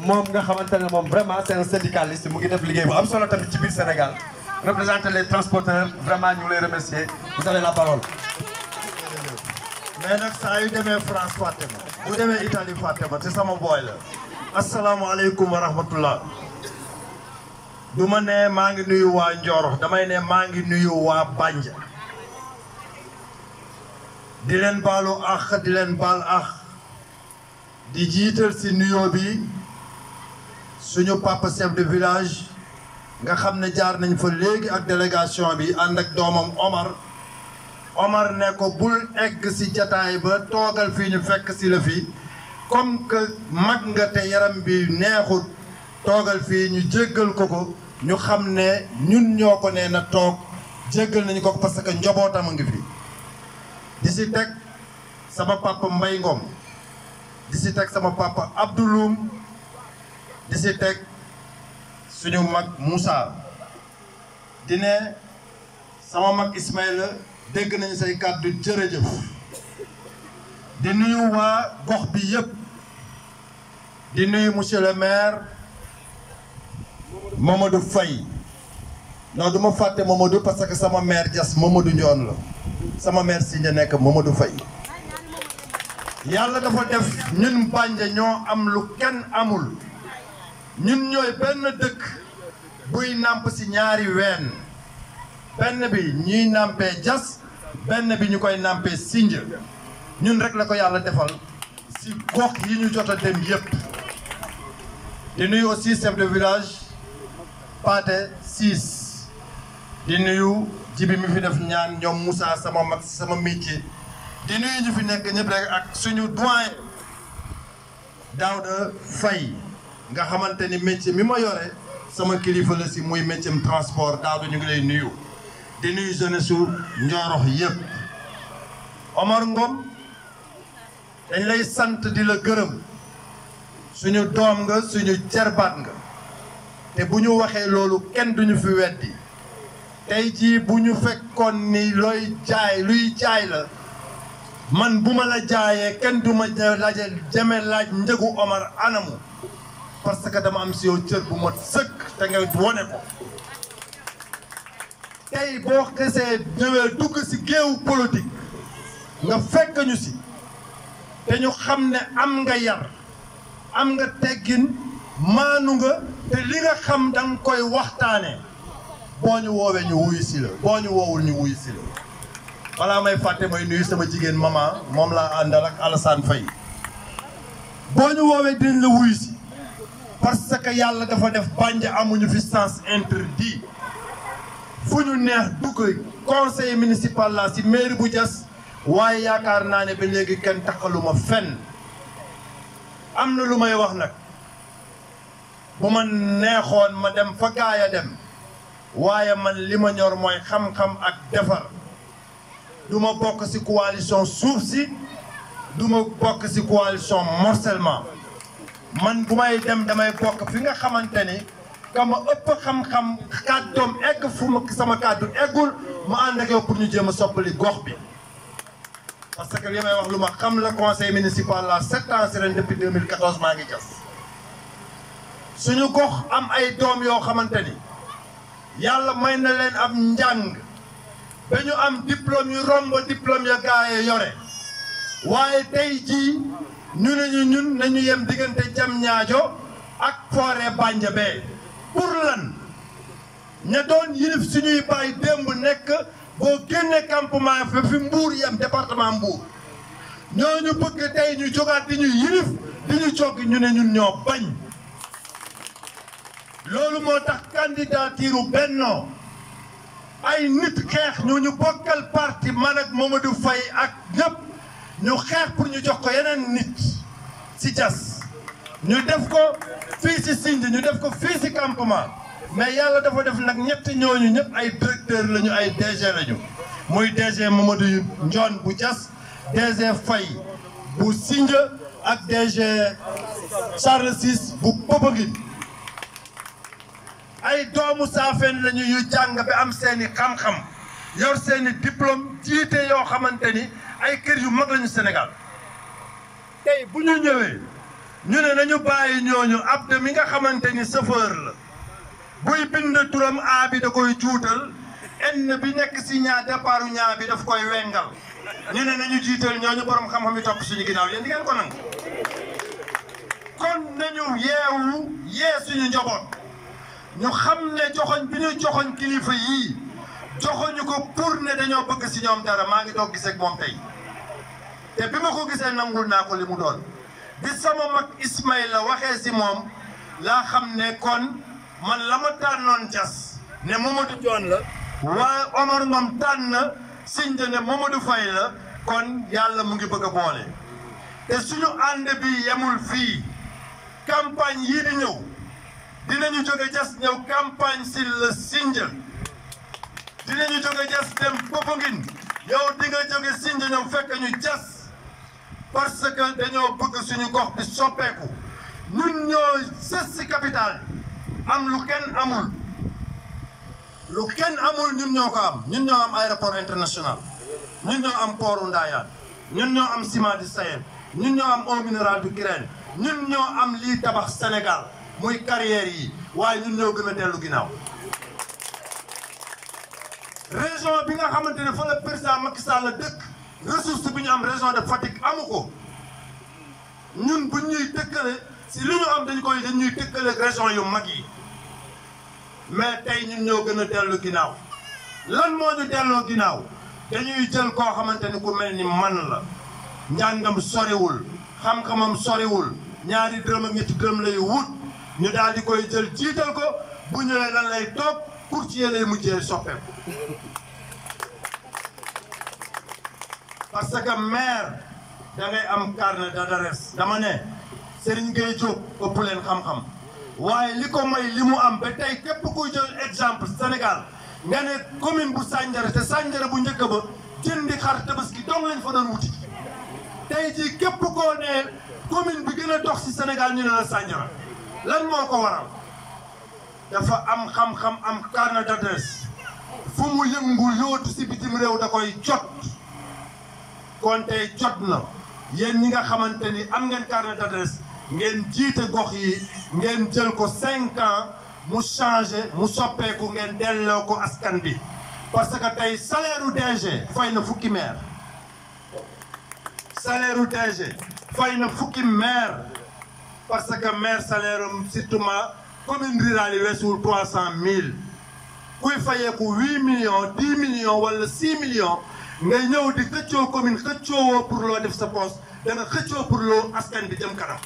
moom nga xamantene mom vraiment c'est un syndicaliste mu ngi def liggéey bu am solo tamit ci biir Sénégal représenté les transporteurs vraiment ñu lay remercier vous avez la parole. mais nag saa yu demee France fàtte bu demee Italie fàtte ma sama boy la. asalaamaaleykum wa rahmatullah. du ma ne maa ngi nuyu waa Njorox damay ne maa ngi nuyu waa Banja. di leen baalu àq di leen baal àq. di jiital si nuyoo bi. suñu papa chef de village nga xam ne jaar nañ fa léegi ak délégation bi ànd ak doomam Omar Omar ne ko bul egg ci jataay ba toogal fii ñu fekk ci la fi comme que mag nga te yaram bi neexut toogal fii ñu jéggal ko ko ñu xam ne ñun ñoo ko nee na toog jéggal nañu ko parce que njobootam a ngi fi di si teg sama papa Mbay Ngom di si teg sama papa Abdouloum di si teg suñu mag Moussa di ne sama mag la dégg nañ say kàddu jërëjëf di nuyu waa gox bi yëpp di nuyu monsieur le maire Mamadou Faye non du ma fàtte Mamadou parce que sama maire Dias Mamadou Ndion la sama maire si nga nekk Mamadou Faye yàlla dafa def ñun Bandia ñoo am lu kenn amul ñun ñooy benn dëkk buy nàmp ci ñaari ween benn bi ñuy nàmpee jas benn bi ñu koy nàmpee sinja ñun rek la ko yàlla defal si gox yi ñu jot a dem yëpp di nuyu aussi chef de village Pathé Ciss di nuyu jibi mu fi def ñaan ñoom Moussa sama mag sama métier di nuyu ñu fi nekk ñëpp rek ak suñu doyen da Faye nga xamante ni métier mi ma yore sama kilifa la si muy métier transport daaw ñu ngi lay nuyu di nuyu jeunesse su Nioro yëpp Omar Ngom dañ lay sant di la gërëm suñu doom nga suñu jarbaat nga te bu ñu waxee loolu kenn duñu fi weddi tey jii bu ñu fekkoon ni looy jaay luy jaay la man bu ma la jaayee kenn du ma laaj jeme laaj njëgu Omar anamu parce que dama am si yow cër bu mot sëkk te nga wone ko tey boo xesee ñëwee dugg si géewu politique nga fekk si te ñu xam ne am nga yar am nga teggin maanu nga te li nga xam danga koy waxtaane boo ñu woowee ñu wuyu si la boo ñu woowul ñu wuyu si la balaa may fàtte may nuyu sama jigéen maman moom laa àndal ak Alassane Faye boo ñu woowee dinañ la wuyu si parce que yalla dafa def bandi amuñu fi sens interdit fuñu neex du ko conseil municipal la ci maire bu dias waye yakar naane ne ba léegi kenn taxaluma fenn lu may wax nak bu ma ma dem fa gaaya dem waye man lima ñor moy xam-xam ak defar duma bok ci coalition suuf si du ma coalition morcellement man bu may dem damay bokk fi nga xamante ni ka ma ëpp xam-xam kàddoom egg fu ma sama kàddu eggul ma ànd ak yow pour ñu jéem a soppali gox bi parce que li may lu ma xam la conseil municipal la sept ans si ren depuis 2014 maa ngi jas suñu gox am ay doom yoo xamante ni yàlla may na leen ab njàng ba ñu am diplôme yu romb diplôme ya gaaye yore waaye tey jii ñu ne ñun nañu yem diggante jam ñaajo ak foore bànja pour ña doon yilif suñuy bàyyi nekk boo génne campement fa fi département mbuur ñooñu bëgg tey ñu ñu ne ñun ñoo bañ loolu moo tax candidature Benno ay nit xeex ñoo ñu bokkal parti man ak Mamadou Faye ak ñëpp ñu xeex pour ñu jox ko yeneen nit si jas ñu def ko fii si Sinj ñu def ko fii si campement mais yàlla dafa def nag ñetti ñooñu ñëpp ay directeur lañu ay DG lañu muy DG Mamadou Ndione bu jas DG Faye bu Sinj ak DG Charles Ciss bu Popenguine ay doomu saafeen lañu yu jàng bi am seeni xam-xam yor seeni diplôme jiite yoo xamante ni ay kër yu mag lañu Sénégal tey bu ñu ñëwee ñu ne nañu bàyyi ñooñu abd mi nga xamante ni chauffeur la buy bind turam a bi da koy juutal n bi nekk si ñaa départu ñaa bi daf koy wengal ñu ne nañu jiital ñooñu borom xam-xam yi si suñu ginnaaw yéen di ngeen ko nangu kon nañu yeewu yee suñu njaboot ñu xam ne joxoñ bi ñu joxoñ kilifa yii joxuñu ko pour ne dañoo bëgg si dara maa ngi doog gisee ak moom tey te bi ma ko gisee nangul naa ko li mu doon bi sama mag Ismaïla waxee si moom laa xam ne kon man la ma tànnoon jas ne Mamadou Dione la waaye Omar moom tànn siñ ne Mamadou Faye la kon yàlla mu ngi bëgg a boole te suñu ànd bi yemul fii campagne yii di ñëw dinañu jóge jas ñëw campagne si la Sindian dinañu jóge jas dem Popenguine yow di nga jóge Sinja ñoom fekk ñu jas parce que dañoo bëgg suñu gox bi soppeeku ñun ñoo sës si capital am lu kenn amul lu kenn amul ñun ñoo ko am ñun ñoo am aéroport international ñun ñoo am pooru Ndayane ñun ñoo am ciment du Sahel ñun ñoo am eau minérale du Kirène ñun ñoo am lii tabax Sénégal muy carrière yi waaye ñun ñoo gën a dellu ginnaaw région bi nga xamante ni fa la président Macky Sall la dëkk ressource bi ñu am région de Fatick amu ko ñun bu ñuy tëkkale si li ñu am dañ koy dañ ñuy tëkkale ak yu mag yi mais tey ñun ñoo gën a dellu ginnaaw lan moo ñu delloo ginnaaw dañuy jël koo xamante ni ku mel ni man la njàngam soriwul xam-xamam soriwul ñaari dërëm ak ñetti dërëm lay wut ñu daal koy jël jiital ko bu ñëwee lan lay toog pour ci yéenay mujjee soppeeku parce que maire da ngay am carnet d'adresse dama né Serigne Gueye djok ëpp leen xam-xam waye liko may limu am ba tay kep kuy jël exemple Sénégal nga ne commune bu sandjara té sandjara bu njëkk ba jëndi xar tabaski dong lañ fa doon wuti tay ji kep ko né commune bi gëna dox ci Sénégal ñu la lan moko waral. dafa am xam-xam am carnet d'adresse fu mu yëngu yóotu si bitim réew da koy jot kon tey jot na yéen ñi nga xamante ni am ngeen carnet d'adresse ngeen jiite gox yi ngeen jël ko cinq ans mu changé mu soppeeku ngeen delloo ko askan bi parce que tey salaire u fay na fukki maire salaire u fay na fukki maire parce que maire salaire am surtout commune rurale yi weesuwul trois cent mille kuy fayeeku huit million dix million wala six million ngay ñëw di xëccoo commune xëccoo pour loo def sa poste da nga xëccoo pour loo askan bi dem kanam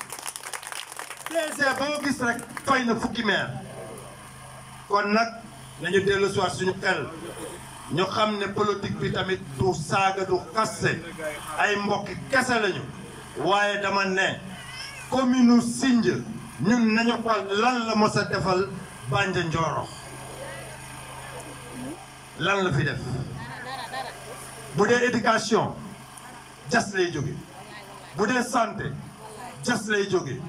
PG boo gis rek fay na fukki maire kon nag nañu dellu soir suñu xel ñu xam ne politique bi tamit du saaga du xaste ay mbokki kese lañu waaye dama ne commune Sinj ñun nañu xool lan la mos a defal Banja Njorox lan la fi def bu dee éducation jas lay jóge bu dee santé jas lay jóge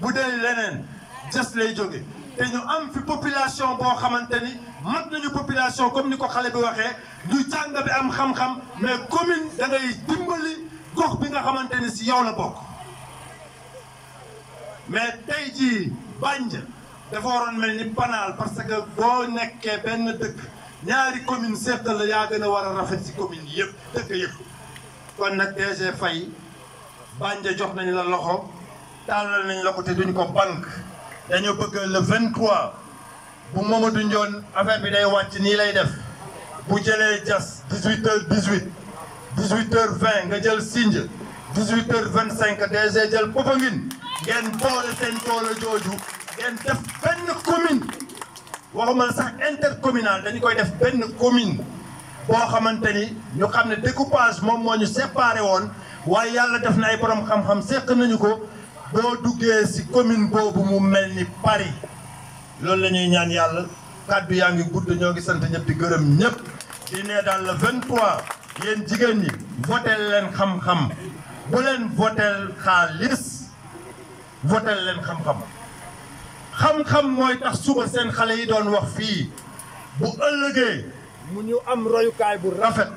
bu dee leneen jas lay jóge te ñu am fi population boo xamante ni mat nañu population comme ni ko xale bi waxee ñu jàng bi am xam-xam mais commune da ngay gox bi nga xamante ni si yow la bokk mais tey jii Bandia dafa waroon mel ni panaal parce que boo nekkee benn dëkk ñaari commune seetal la yaa gën a war a rafet ci commune yëpp dëkk yëpp kon nag fay Faye Bandia jox nañu la loxo tàllal nañu la ko te duñ ko banque dañoo bëgg le 23 bu Mamadou Ndione affaire bi day wàcc nii lay def bu jëlee jas 18 heures 18 18 heures 20 nga jël Sindia 18 heures 25 DG jël Popenguine ngeen boole seen tool jooju ngeen def benn commune waxuma sax intercommunal dañu koy def benn commune boo xamante ni ñu xam ne découpage moom moo ñu séparé woon waaye yàlla def na ay borom xam-xam seq nañu ko boo duggee ci commune boobu mu mel ni Paris loolu la ñuy ñaan yàlla kàddu yaa ngi gudd ñoo ngi sant ñëpp gërëm ñëpp. di ne daal le trois yéen jigéen ñi votel leen xam-xam bu leen votel xaalis. votel leen xam-xam xam-xam mooy tax suba seen xale yi doon wax fii bu ëllëgee mu ñu am royukaay bu rafet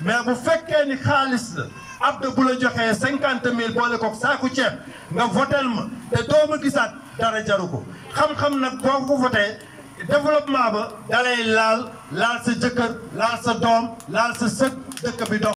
mais bu fekkee ni xaalis la Abdou bu la joxee cinquante mille boole ko saaku ceeb nga votel ma te doo gisaat dara jaru ko xam-xam nag boo ko votee développement ba dalay laal laal sa jëkkër laal sa doom laal sa sët dëkk bi dox